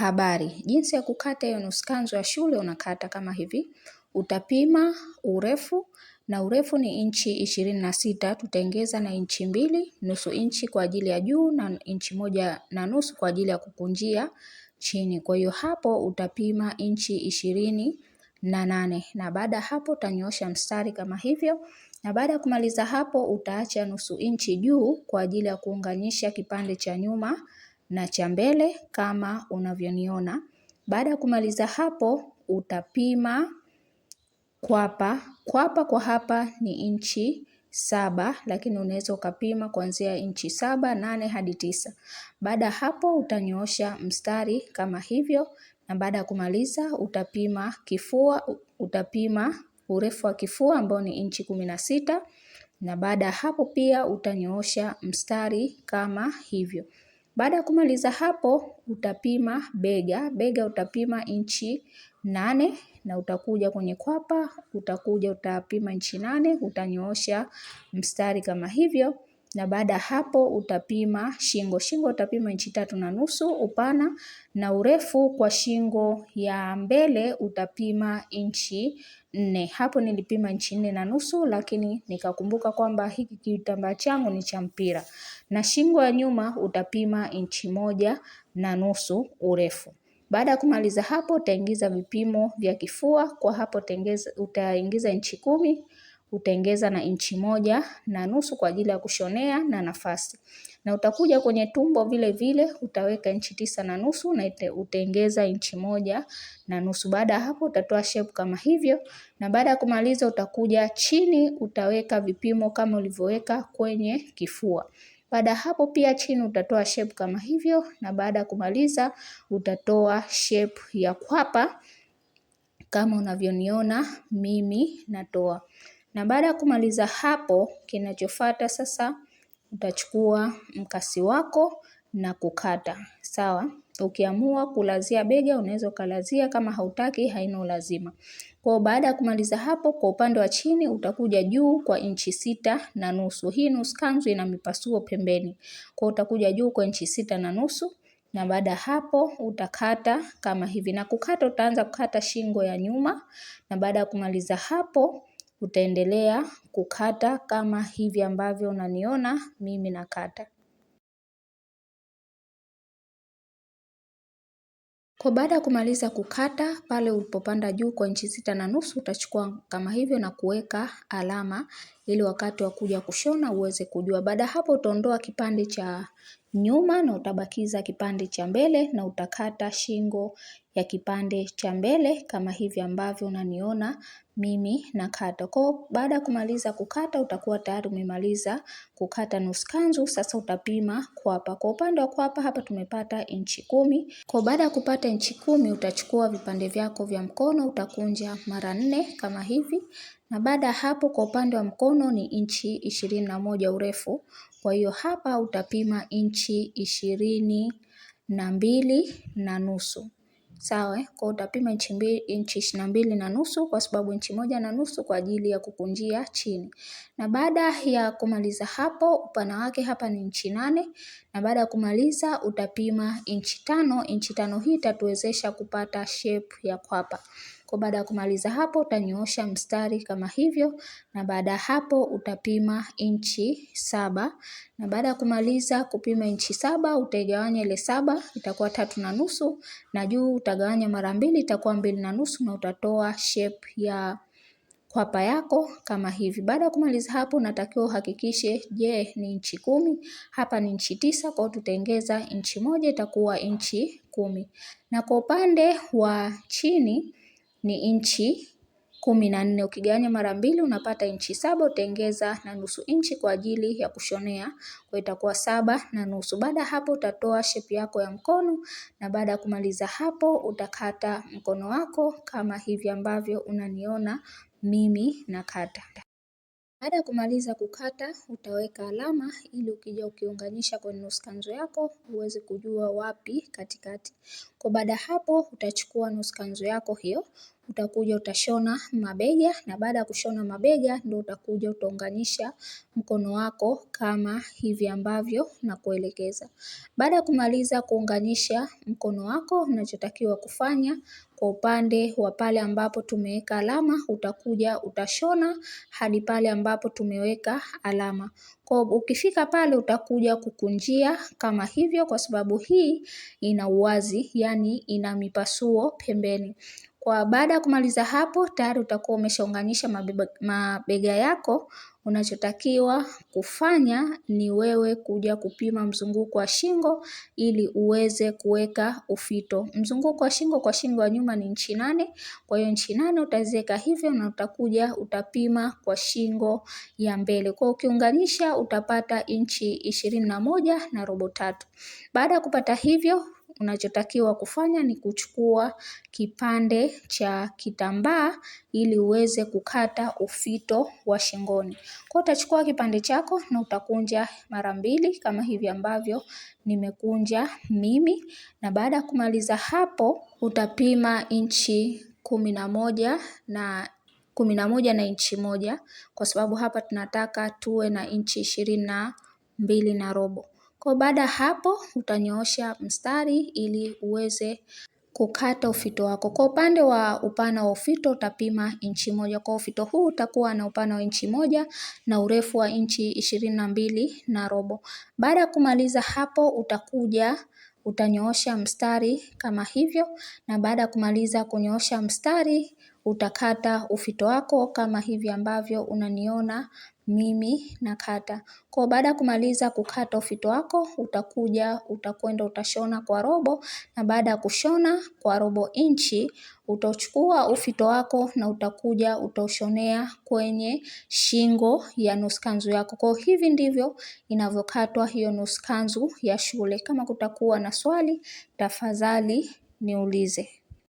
Habari. Jinsi ya kukata hiyo nusu kanzu ya shule unakata kama hivi. Utapima urefu na urefu ni inchi ishirini na sita, tutaongeza na inchi mbili, nusu inchi kwa ajili ya juu na inchi moja na nusu kwa ajili ya kukunjia chini. Kwa hiyo hapo utapima inchi ishirini na nane na baada ya hapo utanyoosha mstari kama hivyo, na baada ya kumaliza hapo utaacha nusu inchi juu kwa ajili ya kuunganisha kipande cha nyuma na cha mbele kama unavyoniona. Baada ya kumaliza hapo, utapima kwapa. Kwapa kwa hapa ni inchi saba, lakini unaweza ukapima kuanzia inchi saba, nane hadi tisa. Baada hapo utanyoosha mstari kama hivyo, na baada ya kumaliza utapima kifua, utapima urefu wa kifua ambao ni inchi kumi na sita, na baada hapo pia utanyoosha mstari kama hivyo. Baada ya kumaliza hapo, utapima bega. Bega utapima inchi nane na utakuja kwenye kwapa, utakuja utapima inchi nane, utanyoosha mstari kama hivyo na baada hapo utapima shingo. Shingo utapima inchi tatu na nusu upana na urefu kwa shingo ya mbele utapima inchi nne. Hapo nilipima inchi nne na nusu lakini nikakumbuka kwamba hiki kitambaa changu ni cha mpira. Na shingo ya nyuma utapima inchi moja na nusu urefu. Baada ya kumaliza hapo utaingiza vipimo vya kifua kwa hapo utaingiza inchi kumi utengeza na inchi moja na nusu kwa ajili ya kushonea na nafasi. Na utakuja kwenye tumbo vile vile utaweka inchi tisa na nusu na utengeza inchi moja na nusu. Baada ya hapo utatoa shape kama hivyo, na baada ya kumaliza utakuja chini utaweka vipimo kama ulivyoweka kwenye kifua. Baada ya hapo pia chini utatoa shape kama hivyo, na baada ya kumaliza utatoa shape ya kwapa kama unavyoniona mimi natoa na baada ya kumaliza hapo, kinachofuata sasa utachukua mkasi wako na kukata sawa. Ukiamua kulazia bega unaweza ukalazia, kama hautaki haina ulazima. Kwa baada ya kumaliza hapo, kwa upande wa chini utakuja juu kwa inchi sita na nusu. Hii nusu kanzu ina mipasuo pembeni, kwa utakuja juu kwa inchi sita na nusu na baada hapo utakata kama hivi, na kukata utaanza kukata shingo ya nyuma, na baada ya kumaliza hapo utaendelea kukata kama hivi ambavyo unaniona mimi nakata. Kwa baada ya kumaliza kukata pale ulipopanda juu kwa inchi sita na nusu utachukua kama hivyo na kuweka alama ili wakati wa kuja kushona uweze kujua. Baada ya hapo utaondoa kipande cha nyuma na utabakiza kipande cha mbele na utakata shingo ya kipande cha mbele kama hivi ambavyo unaniona mimi nakata. Kwa baada ya kumaliza kukata utakuwa tayari umemaliza kukata nusu kanzu. Sasa utapima kwapa. Kwa upande wa kwapa hapa tumepata inchi kumi. Kwa baada ya kupata inchi kumi utachukua vipande vyako vya mkono utakunja mara nne kama hivi na baada ya hapo kwa upande wa mkono ni inchi ishirini na moja urefu. Kwa hiyo hapa utapima inchi ishirini na mbili na nusu sawa. Eh? Kwa utapima inchi ishirini na mbili na nusu kwa sababu inchi moja na nusu kwa ajili ya kukunjia chini, na baada ya kumaliza hapo upana wake hapa ni inchi nane na baada ya kumaliza utapima inchi tano. Inchi tano hii itatuwezesha kupata shape ya kwapa. Kwa baada ya kumaliza hapo utanyoosha mstari kama hivyo na baada ya hapo utapima inchi saba na baada ya kumaliza kupima inchi saba utaigawanya ile saba itakuwa tatu na nusu na juu utagawanya mara mbili itakuwa mbili na nusu na utatoa shape ya kwapa yako kama hivi. Baada ya kumaliza hapo, unatakiwa uhakikishe, je, ni inchi kumi? Hapa ni inchi tisa, kwa hiyo tutaongeza inchi moja, itakuwa inchi kumi. Na kwa upande wa chini ni inchi kumi na nne. Ukigawanya mara mbili unapata inchi saba, utaongeza na nusu inchi kwa ajili ya kushonea, kwa itakuwa saba na nusu. Baada hapo utatoa shepu yako ya mkono, na baada ya kumaliza hapo utakata mkono wako kama hivi ambavyo unaniona mimi nakata. Baada ya kumaliza kukata, utaweka alama ili ukija ukiunganisha kwenye nusu kanzu yako uweze kujua wapi katikati. Kwa baada hapo utachukua nusu kanzu yako hiyo utakuja utashona mabega na baada ya kushona mabega ndio utakuja utaunganisha mkono wako kama hivi ambavyo na kuelekeza. Baada ya kumaliza kuunganisha mkono wako, unachotakiwa kufanya kwa upande wa pale ambapo tumeweka alama utakuja utashona hadi pale ambapo tumeweka alama. Kwa ukifika pale utakuja kukunjia kama hivyo, kwa sababu hii ina uwazi, yaani ina mipasuo pembeni. Kwa baada ya kumaliza hapo, tayari utakuwa umeshaunganisha mabega, yako. Unachotakiwa kufanya ni wewe kuja kupima mzunguko wa shingo ili uweze kuweka ufito. Mzunguko wa shingo kwa shingo ya nyuma ni inchi nane, kwa hiyo inchi nane utaziweka hivyo na utakuja utapima kwa shingo ya mbele. Kwa ukiunganisha utapata inchi ishirini na moja na robo tatu. Baada ya kupata hivyo unachotakiwa kufanya ni kuchukua kipande cha kitambaa ili uweze kukata ufito wa shingoni. Kwa utachukua kipande chako na utakunja mara mbili kama hivi ambavyo nimekunja mimi na baada ya kumaliza hapo utapima inchi kumi na moja na kumi na moja na inchi moja kwa sababu hapa tunataka tuwe na inchi ishirini na mbili na robo. Kwa baada hapo utanyoosha mstari ili uweze kukata ufito wako. Kwa upande wa upana wa ufito utapima inchi moja. Kwa ufito huu utakuwa na upana wa inchi moja na urefu wa inchi ishirini na mbili na robo. Baada ya kumaliza hapo utakuja utanyoosha mstari kama hivyo na baada ya kumaliza kunyoosha mstari utakata ufito wako kama hivi ambavyo unaniona mimi nakata. Kwa baada ya kumaliza kukata ufito wako, utakuja utakwenda utashona kwa robo, na baada ya kushona kwa robo inchi utachukua ufito wako na utakuja utaushonea kwenye shingo ya nusu kanzu yako. Kwa hivi ndivyo inavyokatwa hiyo nusu kanzu ya shule. Kama kutakuwa na swali, tafadhali niulize.